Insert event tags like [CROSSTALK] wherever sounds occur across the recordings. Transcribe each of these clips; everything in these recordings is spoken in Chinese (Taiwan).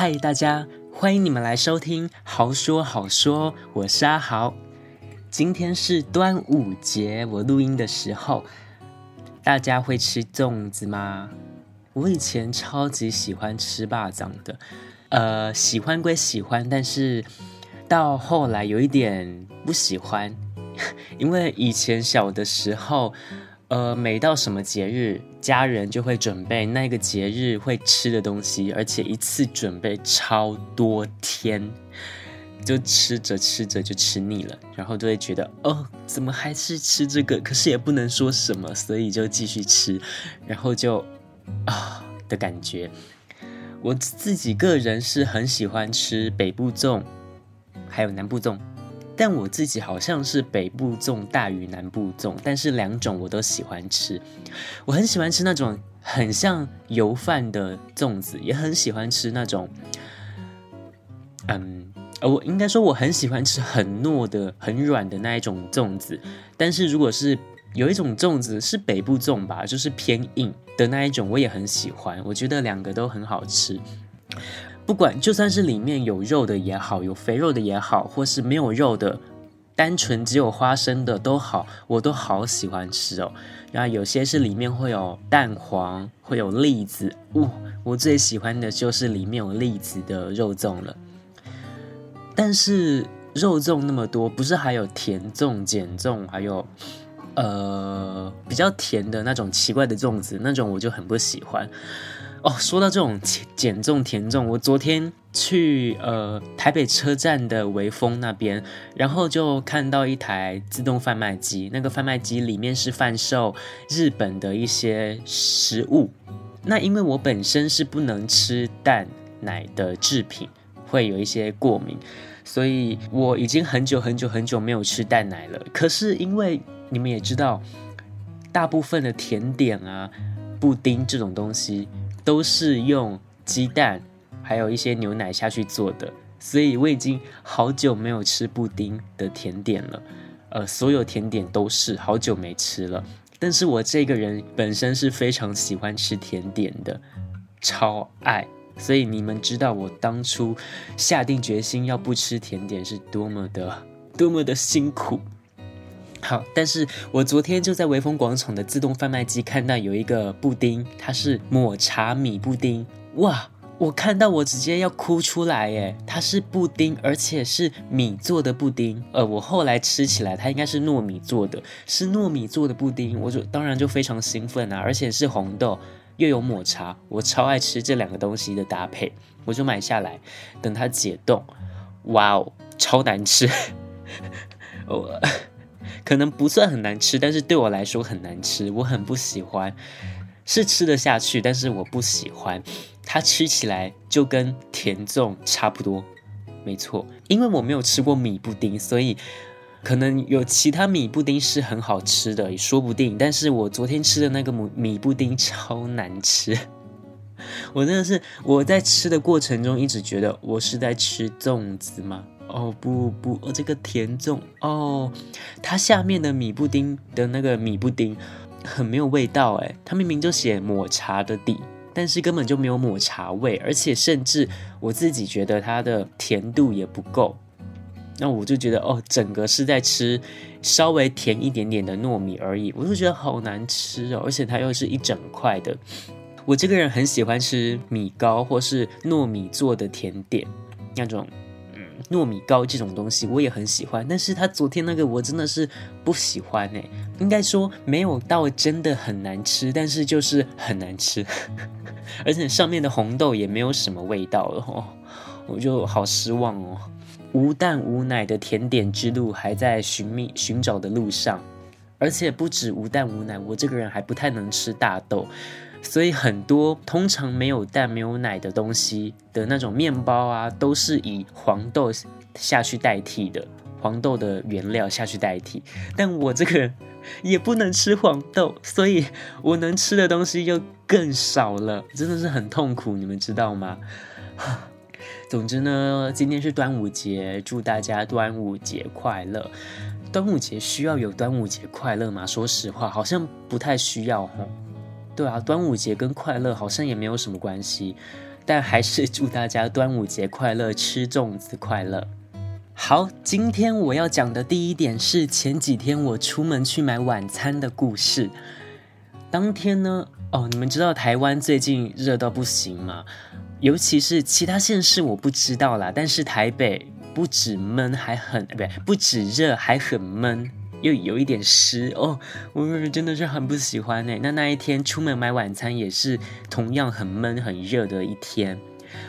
嗨，大家，歡迎你們來收聽《豪說好說》，我是阿豪。今天是端午節，我錄音的時候，大家會吃粽子嗎？我以前超級喜歡吃霸掌的，呃，喜歡歸喜歡，但是到後來有一點不喜歡，因為以前小的時候，呃，沒到什麼節日。家人就會準備那個節日會吃的東西，而且一次準備超多天，就吃着吃着就吃膩了，然後就會覺得哦，怎麼還是吃這個？可是也不能說什麼，所以就繼續吃，然後就啊、哦、的感覺。我自己個人是很喜歡吃北部粽，還有南部粽。但我自己好像是北部粽大於南部粽，但是兩種我都喜歡吃。我很喜歡吃那種很像油飯的粽子，也很喜歡吃那種，嗯，我應該說我很喜歡吃很糯的、很軟的那一種粽子。但是如果是有一種粽子是北部粽吧，就是偏硬的那一種，我也很喜歡。我覺得兩個都很好吃。不管就算是裡面有肉的也好，有肥肉的也好，或是沒有肉的，單純只有花生的都好，我都好喜歡吃哦。然後有些是裡面會有蛋黃，會有栗子，哦，我最喜歡的就是裡面有栗子的肉粽了。但是肉粽那麼多，不是還有甜粽、鹼粽，還有呃比較甜的那種奇怪的粽子，那種我就很不喜歡。哦，說到這種減重甜重，我昨天去呃台北車站的微風那邊，然後就看到一台自動販賣機，那個販賣機裡面是販售日本的一些食物。那因為我本身是不能吃蛋奶的製品，會有一些過敏，所以我已經很久很久很久沒有吃蛋奶了。可是因為你們也知道，大部分的甜點啊、布丁這種東西。都是用雞蛋，還有一些牛奶下去做的，所以我已經好久沒有吃布丁的甜點了，呃，所有甜點都是好久沒吃了。但是我這個人本身是非常喜歡吃甜點的，超愛。所以你們知道我當初下定決心要不吃甜點是多麼的、多麼的辛苦。好，但是我昨天就在微風廣場的自動販賣機看到有一個布丁，它是抹茶米布丁，哇！我看到我直接要哭出來耶！它是布丁，而且是米做的布丁，呃，我後來吃起來它應該是糯米做的，是糯米做的布丁，我就當然就非常興奮啊！而且是紅豆又有抹茶，我超愛吃這兩個東西的搭配，我就買下來等它解凍，哇哦，超難吃，我、 [LAUGHS] oh。可能不算很難吃，但是對我來說很難吃，我很不喜歡。是吃得下去，但是我不喜歡。它吃起來就跟甜粽差不多，沒錯。因為我沒有吃過米布丁，所以可能有其他米布丁是很好吃的，也說不定。但是我昨天吃的那個米布丁超難吃，我真的是，我在吃的過程中一直覺得我是在吃粽子嗎？哦不不，哦這個甜粽哦，它下面的米布丁的那個米布丁很沒有味道哎，它明明就寫抹茶的底，但是根本就沒有抹茶味，而且甚至我自己覺得它的甜度也不夠，那我就覺得哦，整個是在吃稍微甜一點點的糯米而已，我就覺得好難吃哦，而且它又是一整塊的，我這個人很喜歡吃米糕或是糯米做的甜點那種。糯米糕這種東西我也很喜歡，但是他昨天那個我真的是不喜歡耶。應該說沒有到真的很難吃，但是就是很難吃，而且上面的紅豆也沒有什麼味道了，我就好失望哦。無蛋無奶的甜點之路還在尋覓尋找的路上，而且不止無蛋無奶，我這個人還不太能吃大豆。所以很多通常沒有蛋沒有奶的東西的那種麵包啊，都是以黃豆下去代替的，黃豆的原料下去代替。但我這個也不能吃黃豆，所以我能吃的東西又更少了，真的是很痛苦，你們知道嗎？總之呢，今天是端午節，祝大家端午節快樂。端午節需要有端午節快樂嗎？說實話，好像不太需要哈。對啊，端午節跟快樂好像也沒有什麼關係，但還是祝大家端午節快樂，吃粽子快樂。好，今天我要講的第一點是前幾天我出門去買晚餐的故事。當天呢，哦，你們知道台灣最近熱到不行嗎？尤其是其他縣市我不知道啦。但是台北不止悶還很，不對，不止熱還很悶。又有一點濕哦，我真的是很不喜歡呢。那那一天出門買晚餐也是同樣很悶很熱的一天，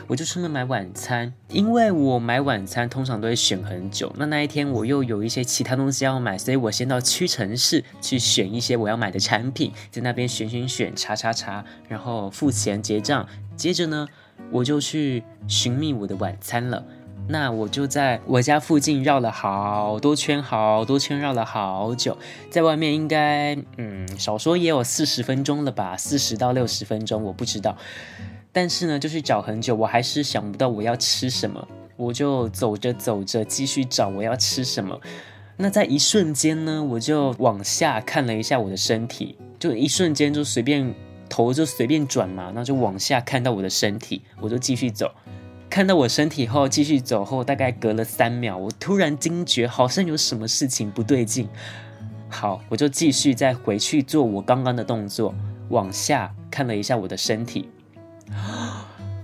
我就出門買晚餐，因為我買晚餐通常都會選很久。那那一天我又有一些其他東西要買，所以我先到屈臣氏去選一些我要買的產品，在那邊選選選查查查，然後付錢結賬，接着呢，我就去尋覓我的晚餐了。那我就在我家附近繞了好多圈，好多圈，繞了好久，在外面應該，嗯，少說也有四十分鐘了吧，四十到六十分鐘，我不知道。但是呢，就是找很久，我還是想不到我要吃什麼，我就走着走着繼續找我要吃什麼。那在一瞬間呢，我就往下看了一下我的身體，就一瞬間就隨便頭就隨便轉嘛，那就往下看到我的身體，我就繼續走。看到我身體後，繼續走後，大概隔了三秒，我突然驚覺，好像有什麼事情不對勁。好，我就繼續再回去做我剛剛的動作，往下看了一下我的身體，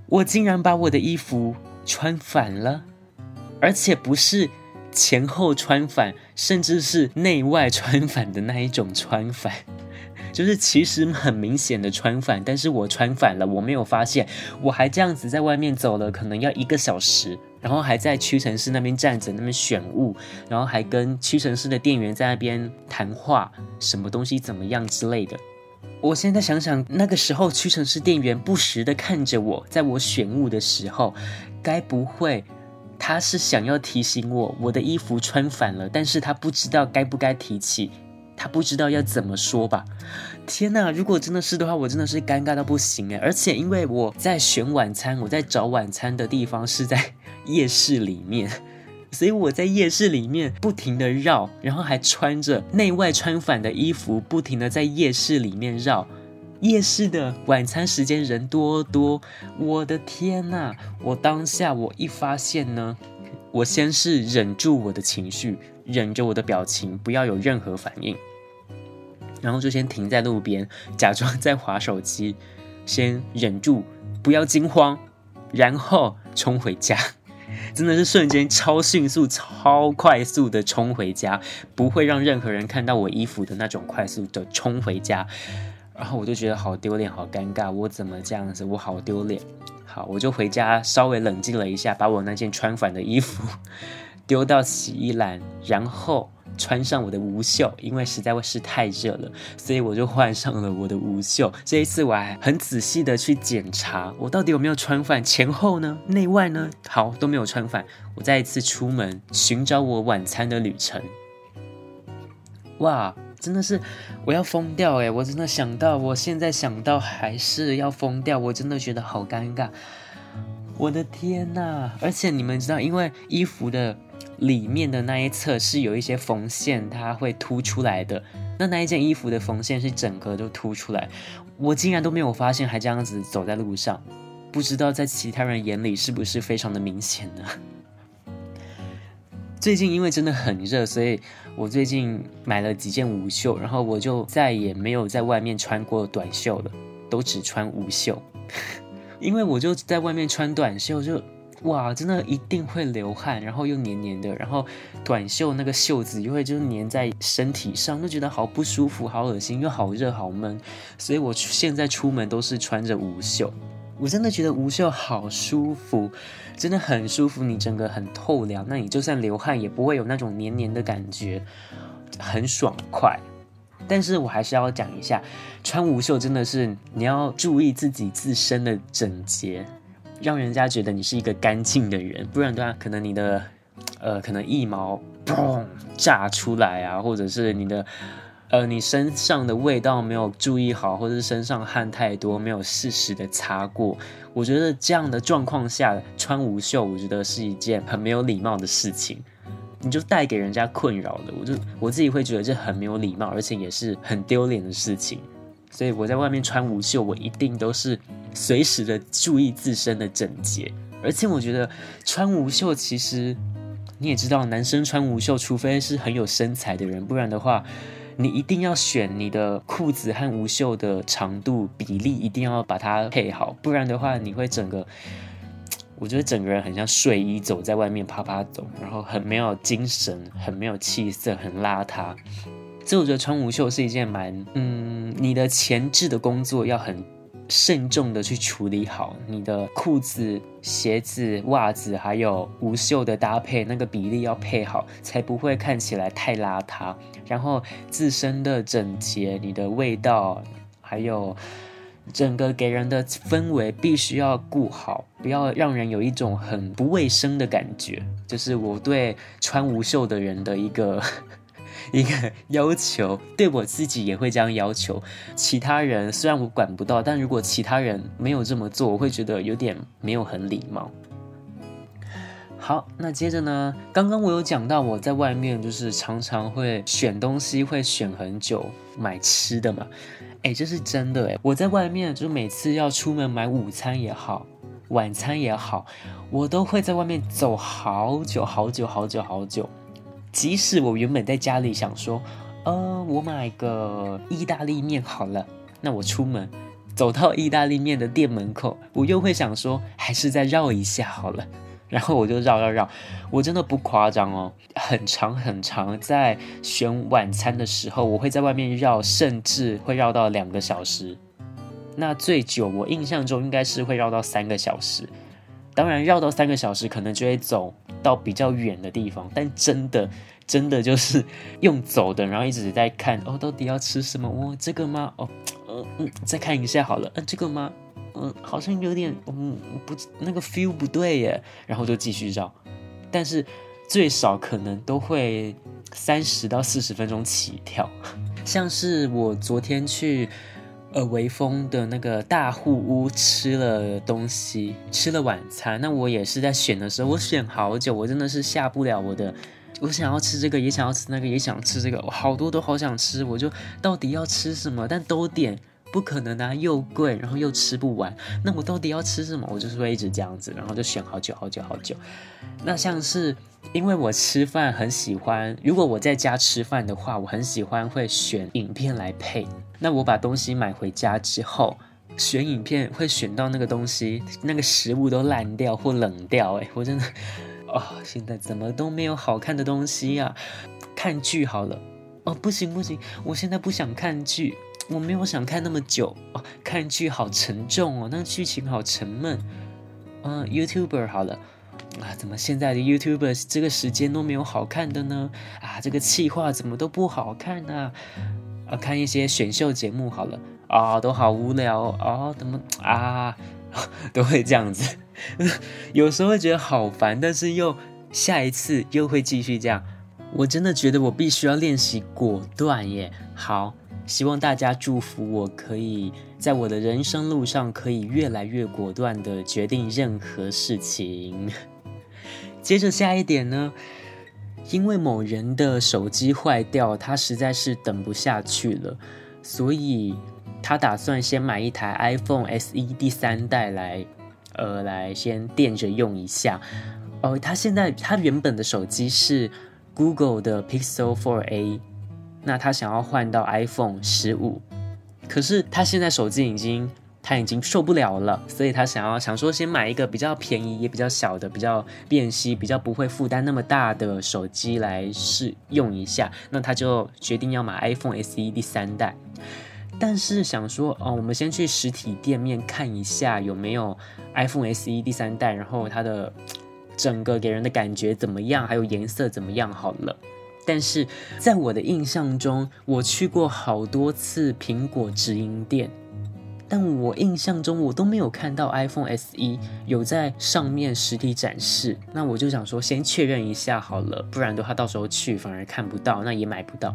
我竟然把我的衣服穿反了，而且不是前後穿反，甚至是內外穿反的那一種穿反。就是其實很明顯的穿反，但是我穿反了，我沒有發現，我還這樣子在外面走了，可能要一個小時，然後還在屈臣氏那邊站着那邊選物，然後還跟屈臣氏的店員在那邊談話，什麼東西怎麼樣之類的。我現在想想，那個時候屈臣氏店員不時的看着我，在我選物的時候，該不會，他是想要提醒我我的衣服穿反了，但是他不知道該不該提起。他不知道要怎麼說吧？天哪！如果真的是的話，我真的是尷尬到不行誒。而且因為我在選晚餐，我在找晚餐的地方是在夜市裡面，所以我在夜市裡面不停的繞，然後還穿着內外穿反的衣服，不停的在夜市裡面繞。夜市的晚餐時間人多多，我的天哪！我當下我一發現呢，我先是忍住我的情緒。忍着我的表情，不要有任何反應，然後就先停在路邊，假裝在滑手機，先忍住不要驚慌，然後衝回家，真的是瞬間超迅速、超快速的衝回家，不會讓任何人看到我衣服的那種快速的衝回家，然後我就覺得好丟臉、好尷尬，我怎麼這樣子？我好丟臉。好，我就回家稍微冷靜了一下，把我那件穿反的衣服。丟到洗衣籃，然後穿上我的無袖，因為實在是太熱了，所以我就換上了我的無袖。這一次我還很仔細的去檢查，我到底有沒有穿反前後呢？內外呢？好，都沒有穿反。我再一次出門尋找我晚餐的旅程。哇，真的是我要瘋掉欸！我真的想到，我現在想到還是要瘋掉，我真的覺得好尷尬。我的天吶！而且你們知道，因為衣服的裡面的那一側是有一些縫線，它會凸出來的。那那一件衣服的縫線是整個都凸出來，我竟然都沒有發現，還這樣子走在路上。不知道在其他人眼裡是不是非常的明顯呢？最近因為真的很熱，所以我最近買了幾件無袖，然後我就再也沒有在外面穿過短袖了，都只穿無袖。因為我就在外面穿短袖就，就哇，真的一定會流汗，然後又黏黏的，然後短袖那個袖子又會就黏在身體上，就覺得好不舒服，好噁心，又好熱好悶。所以我現在出門都是穿着無袖，我真的覺得無袖好舒服，真的很舒服，你整個很透涼，那你就算流汗也不會有那種黏黏的感覺，很爽快。但是我還是要講一下，穿無袖真的是你要注意自己自身的整潔，讓人家覺得你是一個乾淨的人，不然的話可能你的，呃，可能腋毛砰炸出來啊，或者是你的，呃，你身上的味道沒有注意好，或者是身上汗太多沒有適時的擦過，我覺得這樣的狀況下穿無袖，我覺得是一件很沒有禮貌的事情。你就帶給人家困擾了，我就我自己會覺得這很沒有禮貌，而且也是很丟臉的事情。所以我在外面穿無袖，我一定都是隨時的注意自身的整潔。而且我覺得穿無袖，其實你也知道，男生穿無袖，除非是很有身材的人，不然的話，你一定要選你的褲子和無袖的長度比例，一定要把它配好，不然的話，你會整個。我覺得整個人很像睡衣走在外面趴趴走，然後很沒有精神，很沒有氣色，很邋遢。所以我覺得穿無袖是一件蠻……嗯，你的前置的工作要很慎重的去處理好你的褲子、鞋子、襪子，還有無袖的搭配，那個比例要配好，才不會看起來太邋遢。然後自身的整潔、你的味道，還有。整個給人的氛圍必須要顧好，不要讓人有一種很不衛生的感覺，就是我對穿無袖的人的一個一個要求，對我自己也會這樣要求。其他人雖然我管不到，但如果其他人沒有這麼做，我會覺得有點沒有很禮貌。好，那接着呢？剛剛我有講到，我在外面就是常常會選東西，會選很久買吃的嘛。哎，這是真的誒。我在外面就是每次要出門買午餐也好，晚餐也好，我都會在外面走好久好久好久好久。即使我原本在家裡想說，呃，我買個意大利麵好了，那我出門走到意大利面的店門口，我又會想說，還是再繞一下好了。然後我就繞繞繞，我真的不誇張哦，很長很長。在選晚餐的時候，我會在外面繞，甚至會繞到兩個小時。那最久，我印象中應該是會繞到三個小時。當然，繞到三個小時可能就會走到比較遠的地方，但真的，真的就是用走的，然後一直在看哦，到底要吃什麼？哦，這個嗎？哦，嗯嗯，再看一下好了，嗯、啊，這個嗎？嗯、好像有點嗯不那個 feel 不對耶，然後就繼續繞，但是最少可能都會三十到四十分鐘起跳。像是我昨天去呃微風的那個大戶屋吃了東西，吃了晚餐，那我也是在選的時候，我選好久，我真的是下不了我的，我想要吃這個，也想要吃那個，也想吃這個，我好多都好想吃，我就到底要吃什麼？但都點。不可能啊，又貴，然後又吃不完。那我到底要吃什麼？我就是會一直這樣子，然後就選好久好久好久。那像是因為我吃飯很喜歡，如果我在家吃飯的話，我很喜歡會選影片來配。那我把東西買回家之後，選影片會選到那個東西，那個食物都爛掉或冷掉、欸。哎，我真的，哦，現在怎麼都沒有好看的東西呀、啊？看劇好了。哦，不行不行，我現在不想看劇。我沒有想看那麼久哦，看劇好沉重哦，那個劇情好沉悶。嗯、呃、，YouTuber 好了啊，怎麼現在的 YouTuber 這個時間都沒有好看的呢？啊，這個企劃怎麼都不好看呢？啊？啊，看一些選秀節目好了啊，哦，都好無聊哦。哦，怎麼啊，都會這樣子？ [LAUGHS] 有時候會覺得好煩，但是又下一次又會繼續這樣。我真的覺得我必須要練習果斷耶。好。希望大家祝福我，可以在我的人生路上可以越來越果斷的決定任何事情。 [LAUGHS] 接着下一點呢，因為某人的手機壞掉，他實在是等不下去了，所以他打算先買一台 iPhone SE 第三代來呃來先墊着用一下。哦，他現在他原本的手機是 Google 的 Pixel 4a。那他想要換到 iPhone 15，可是他現在手機已經他已經受不了了，所以他想要想說先買一個比較便宜也比較小的、比較便攜、比較不會負擔那麼大的手機來試用一下。那他就決定要買 iPhone SE 第三代，但是想說哦，我們先去實體店面看一下有沒有 iPhone SE 第三代，然後它的整個給人的感覺怎麼樣，還有顏色怎麼樣，好了。但是在我的印象中，我去過好多次蘋果直營店，但我印象中我都沒有看到 iPhone SE 有在上面實體展示。那我就想說，先確認一下好了，不然的話到時候去反而看不到，那也買不到。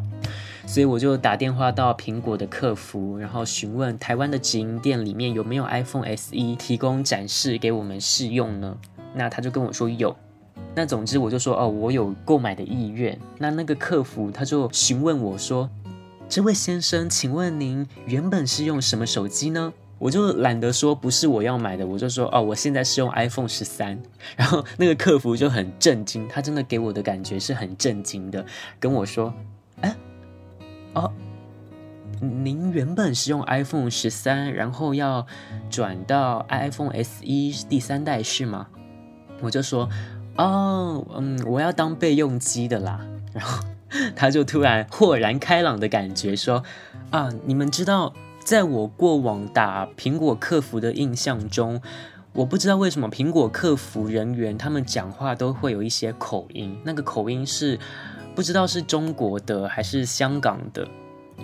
所以我就打電話到蘋果的客服，然後詢問臺灣的直營店裡面有沒有 iPhone SE 提供展示給我們試用呢？那他就跟我說有。那總之我就說哦，我有購買的意願。那那個客服他就詢問我說：“這位先生，請問您原本是用什麼手機呢？”我就懶得說，不是我要買的，我就說：“哦，我現在是用 iPhone 十三。”然後那個客服就很震驚，他真的給我的感覺是很震驚的，跟我說：“誒，哦，您原本是用 iPhone 十三，然後要轉到 iPhone SE 第三代是嗎？”我就說。哦，嗯，我要當備用機的啦。然後他就突然豁然開朗的感覺說：“啊，你們知道，在我過往打蘋果客服的印象中，我不知道為什麼蘋果客服人員他們講話都會有一些口音，那個口音是不知道是中國的還是香港的。”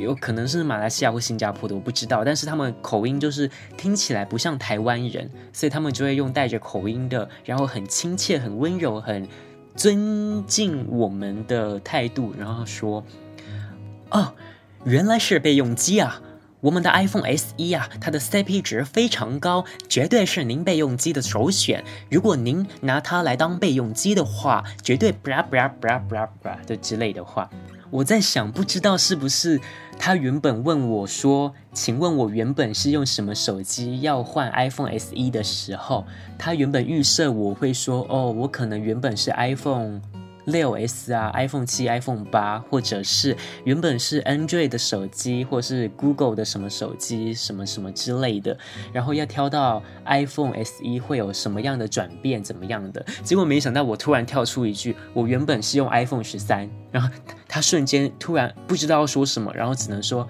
有可能是馬來西亞或新加坡的，我不知道。但是他們口音就是聽起來不像台灣人，所以他們就會用帶着口音的，然後很親切、很溫柔、很尊敬我們的態度，然後說：“哦，原來是備用機啊！我們的 iPhone SE 啊，它的 CP 值非常高，絕對是您備用機的首選。如果您拿它來當備用機的話，絕對 bra bra bra bra bra 的之類的話。”我在想，不知道是不是他原本問我說：“請問我原本是用什麼手機要換 iPhone SE 的時候，他原本預設我會說，哦，我可能原本是 iPhone。”六 S 啊，iPhone 七、iPhone 八，或者是原本是 Android 的手機，或是 Google 的什麼手機，什麼什麼之類的，然後要挑到 iPhone SE 會有什麼樣的轉變？怎麼樣的？結果沒想到我突然跳出一句，我原本是用 iPhone 十三，然後他，他瞬間突然不知道說什麼，然後只能說，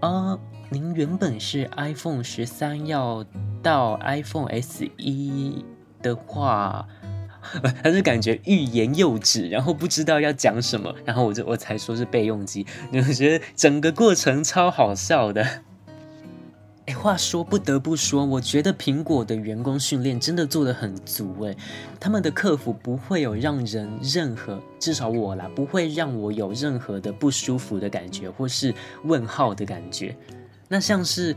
啊，您原本是 iPhone 十三，要到 iPhone SE 的話。 [LAUGHS] 他是感覺欲言又止，然後不知道要講什麼，然後我就我才說是備用機，我覺得整個過程超好笑的。哎， [LAUGHS] 話說不得不說，我覺得蘋果的員工訓練真的做得很足誒，他們的客服不會有讓人任何，至少我啦，不會讓我有任何的不舒服的感覺或是問號的感覺。那像是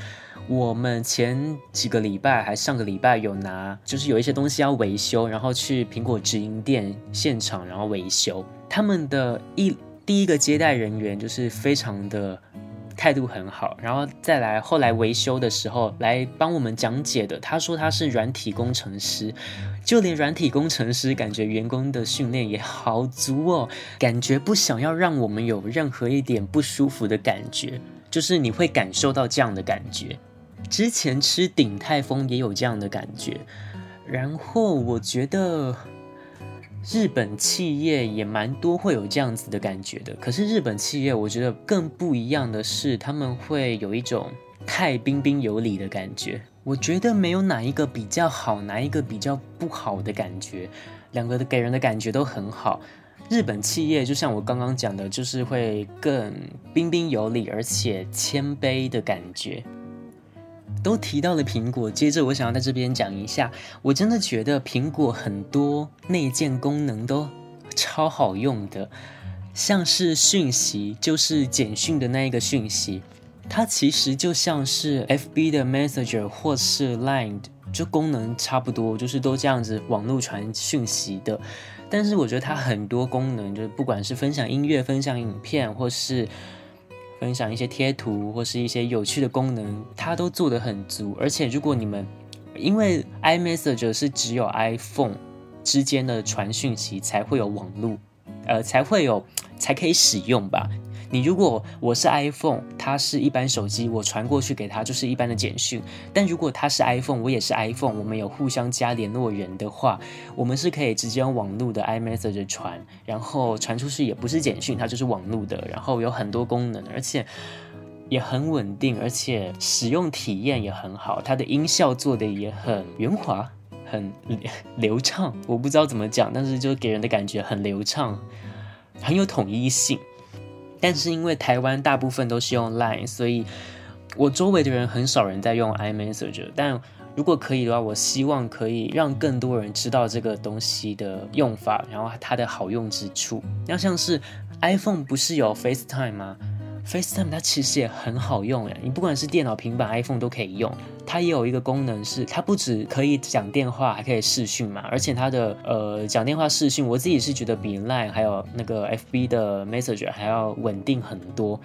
我們前幾個禮拜還上個禮拜有拿，就是有一些東西要維修，然後去蘋果直營店現場，然後維修。他們的一第一個接待人員就是非常的態度很好，然後再來後來維修的時候來幫我們講解的，他說他是軟體工程師，就連軟體工程師感覺員工的訓練也好足哦，感覺不想要讓我們有任何一點不舒服的感覺。就是你會感受到這樣的感覺，之前吃鼎泰豐也有這樣的感覺，然後我覺得日本企業也蠻多會有這樣子的感覺的。可是日本企業，我覺得更不一樣的是，他們會有一種太彬彬有禮的感覺。我覺得沒有哪一個比較好，哪一個比較不好的感覺，兩個的給人的感覺都很好。日本企業就像我剛剛講的，就是會更彬彬有禮，而且謙卑的感覺。都提到了蘋果，接着我想要在這邊講一下，我真的覺得蘋果很多內建功能都超好用的，像是訊息，就是簡訊的那一個訊息，它其實就像是 FB 的 Messenger 或是 Line，就功能差不多，就是都這樣子網絡傳訊息的。但是我覺得它很多功能，就是不管是分享音樂、分享影片，或是分享一些貼圖，或是一些有趣的功能，它都做得很足。而且如果你們，因為 iMessage 是只有 iPhone 之間的傳訊息才會有網絡，呃，才會有，才可以使用吧。你如果我是 iPhone，它是一般手機，我傳過去給它就是一般的簡訊。但如果它是 iPhone，我也是 iPhone，我們有互相加聯絡人的話，我們是可以直接用網絡的 iMessage 傳，然後傳出去也不是簡訊，它就是網絡的，然後有很多功能，而且也很穩定，而且使用體驗也很好，它的音效做的也很圓滑、很流暢。我不知道怎麼講，但是就給人的感覺很流暢，很有統一性。但是因為台灣大部分都是用 Line，所以我周圍的人很少人在用 iMessage。但如果可以的話，我希望可以讓更多人知道這個東西的用法，然後它的好用之處。那像是 iPhone 不是有 FaceTime 嗎？FaceTime 它其實也很好用誒，你不管是電腦、平板、iPhone 都可以用。它也有一個功能是，它不止可以講電話，還可以視訊嘛。而且它的呃講電話視訊，我自己是覺得比 Line 還有那個 FB 的 Messenger 還要穩定很多。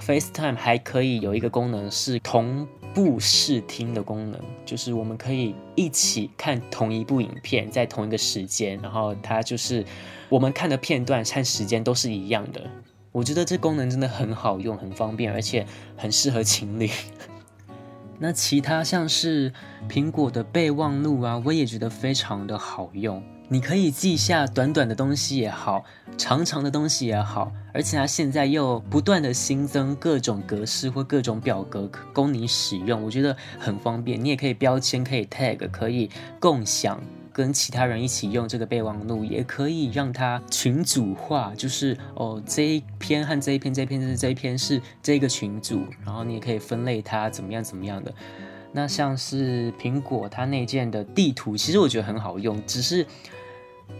FaceTime 還可以有一個功能是同步視聽的功能，就是我們可以一起看同一部影片，在同一個時間，然後它就是我們看的片段、看時間都是一樣的。我覺得這功能真的很好用，很方便，而且很適合情侶。那其他像是蘋果的備忘錄啊，我也覺得非常的好用。你可以記下短短的東西也好，長長的東西也好，而且它啊，現在又不斷的新增各種格式或各種表格供你使用，我覺得很方便。你也可以標籤，可以 tag，可以共享。跟其他人一起用這個備忘錄，也可以讓它群組化，就是哦，這一篇和這一篇，這，一篇，這一篇是這一篇是這個群組，然後你也可以分類它怎麼樣怎麼樣的。那像是蘋果它內建的地圖，其實我覺得很好用，只是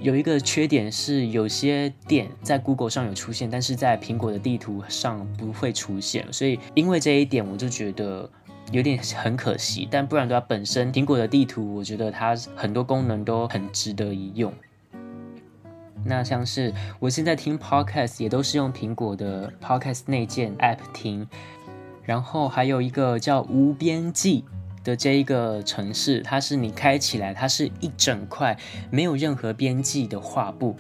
有一個缺點是有些點在 Google 上有出現，但是在蘋果的地圖上不會出現，所以因為這一點我就覺得有點很可惜，但不然的話，本身蘋果的地圖，我覺得它很多功能都很值得一用。那像是我現在聽 Podcast 也都是用蘋果的 Podcast 內建 App 聽，然後還有一個叫無邊記的這一個程式，它是你開起來，它是一整塊沒有任何邊際的畫布，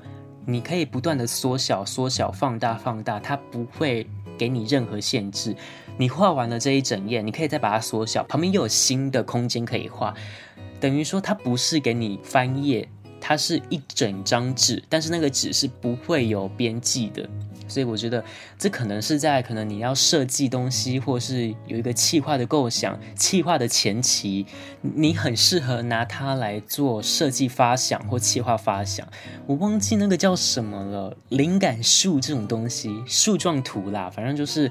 你可以不斷的縮小、縮小、放大、放大，它不會給你任何限制。你畫完了這一整頁，你可以再把它縮小，旁邊又有新的空間可以畫，等於說它不是給你翻頁，它是一整張紙，但是那個紙是不會有邊際的，所以我覺得這可能是在可能你要設計東西，或是有一個企劃的構想、企劃的前期，你很適合拿它來做設計發想或企劃發想。我忘記那個叫什麼了，靈感樹這種東西，樹狀圖啦，反正就是。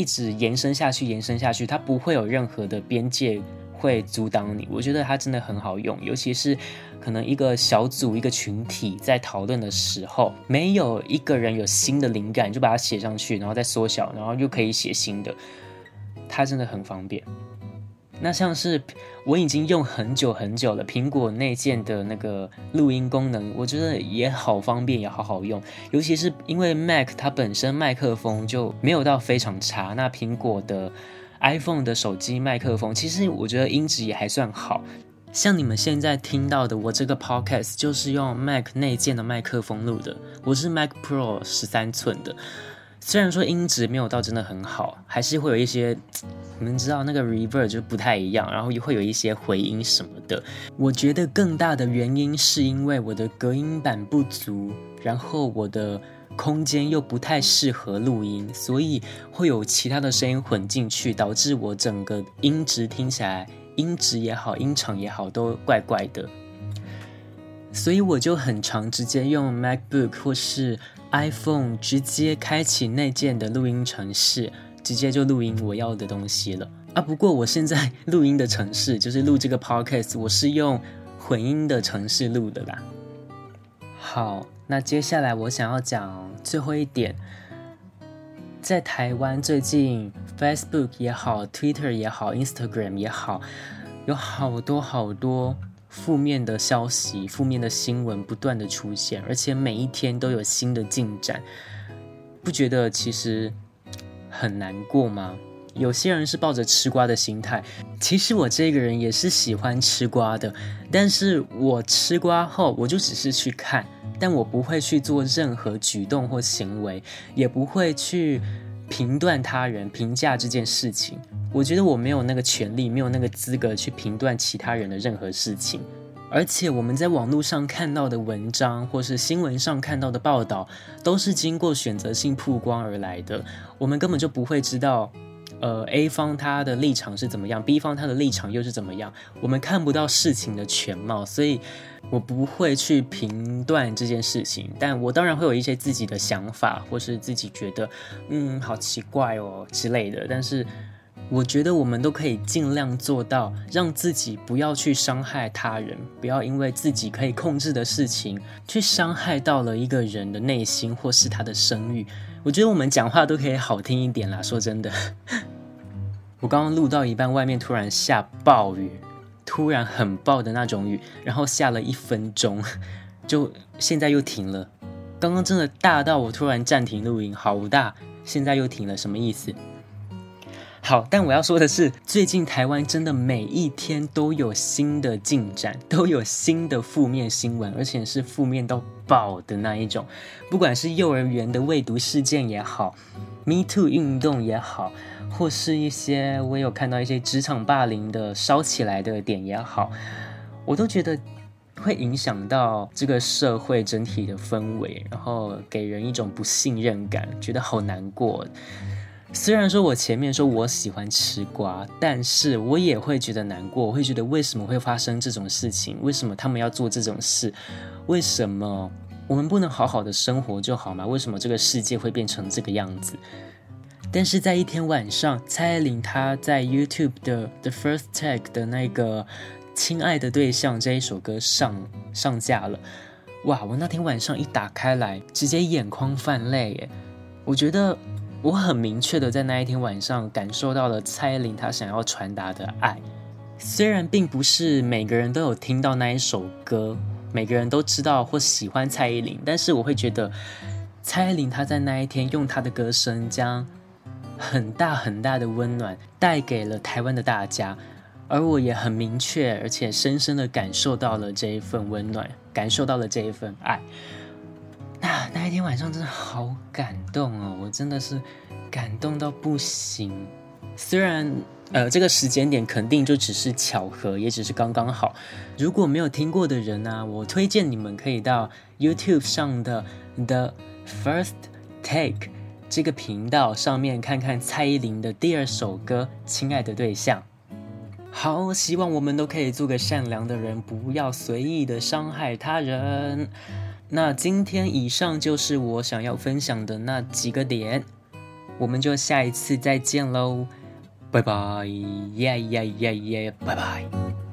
一直延伸下去，延伸下去，它不會有任何的邊界會阻擋你。我覺得它真的很好用，尤其是可能一個小組、一個群體在討論的時候，沒有一個人有新的靈感，你就把它寫上去，然後再縮小，然後又可以寫新的。它真的很方便。那像是我已經用很久很久了，蘋果內建的那個錄音功能，我覺得也好方便，也好好用，尤其是因為 Mac 它本身麥克風就沒有到非常差。那蘋果的 iPhone 的手機麥克風，其實我覺得音質也還算好。像你們現在聽到的我這個 Podcast 就是用 Mac 內建的麥克風錄的，我是 Mac Pro 十三寸的。雖然說音質沒有到真的很好，還是會有一些，你們知道那個 reverb 就不太一樣，然後也會有一些回音什麼的。我覺得更大的原因是因為我的隔音板不足，然後我的空間又不太適合錄音，所以會有其他的聲音混進去，導致我整個音質聽起來，音質也好，音場也好，都怪怪的。所以我就很常直接用 MacBook 或是 iPhone 直接開啟內建的錄音程式，直接就錄音我要的東西了啊。不過我現在錄音的程式就是錄這個 Podcast，我是用混音的程式錄的啦。好，那接下來我想要講最後一點，在台灣最近 Facebook 也好，Twitter 也好，Instagram 也好，有好多好多。負面的消息、負面的新聞不斷的出現，而且每一天都有新的進展，不覺得其實很難過嗎？有些人是抱着吃瓜的心態，其實我這個人也是喜歡吃瓜的，但是我吃瓜後，我就只是去看，但我不會去做任何舉動或行為，也不會去評斷他人、評價這件事情。我覺得我沒有那個權利，沒有那個資格去評斷其他人的任何事情。而且我們在網絡上看到的文章，或是新聞上看到的報道，都是經過選擇性曝光而來的。我們根本就不會知道，呃，A 方他的立場是怎麼樣，B 方他的立場又是怎麼樣。我們看不到事情的全貌，所以我不會去評斷這件事情。但我當然會有一些自己的想法，或是自己覺得，嗯，好奇怪哦之類的。但是。我覺得我們都可以盡量做到，讓自己不要去傷害他人，不要因為自己可以控制的事情，去傷害到了一個人的內心或是他的聲譽。我覺得我們講話都可以好聽一點啦。說真的， [LAUGHS] 我剛剛錄到一半，外面突然下暴雨，突然很暴的那種雨，然後下了一分鐘，就現在又停了。剛剛真的大到我突然暫停錄音，好大，現在又停了，什麼意思？好，但我要說的是，最近台灣真的每一天都有新的進展，都有新的負面新聞，而且是負面到爆的那一種。不管是幼兒園的餵毒事件也好，Me Too 運動也好，或是一些我有看到一些職場霸凌的燒起來的點也好，我都覺得會影響到這個社會整體的氛圍，然後給人一種不信任感，覺得好難過。雖然說我前面說我喜歡吃瓜，但是我也會覺得難過，我會覺得為什麼會發生這種事情？為什麼他們要做這種事？為什麼我們不能好好的生活就好嗎？為什麼這個世界會變成這個樣子？但是在一天晚上，蔡依林她在 YouTube 的 The First Take 的那個《親愛的對象》這一首歌上上架了，哇！我那天晚上一打開來，直接眼眶泛淚，耶，我覺得。我很明確的在那一天晚上感受到了蔡依林她想要傳達的愛，雖然並不是每個人都有聽到那一首歌，每個人都知道或喜歡蔡依林，但是我會覺得蔡依林她在那一天用她的歌聲將很大很大的溫暖帶給了台灣的大家，而我也很明確而且深深的感受到了這一份溫暖，感受到了這一份愛。那那一天晚上真的好感動哦，我真的是感動到不行。雖然呃這個時間點肯定就只是巧合，也只是剛剛好。如果沒有聽過的人呢、啊，我推薦你們可以到 YouTube 上的 The First Take 這個頻道上面看看蔡依林的第二首歌《親愛的對象》。好，希望我們都可以做個善良的人，不要隨意的傷害他人。那今天以上就是我想要分享的那幾個點，我們就下一次再見嘍，拜拜，耶耶耶耶，拜拜。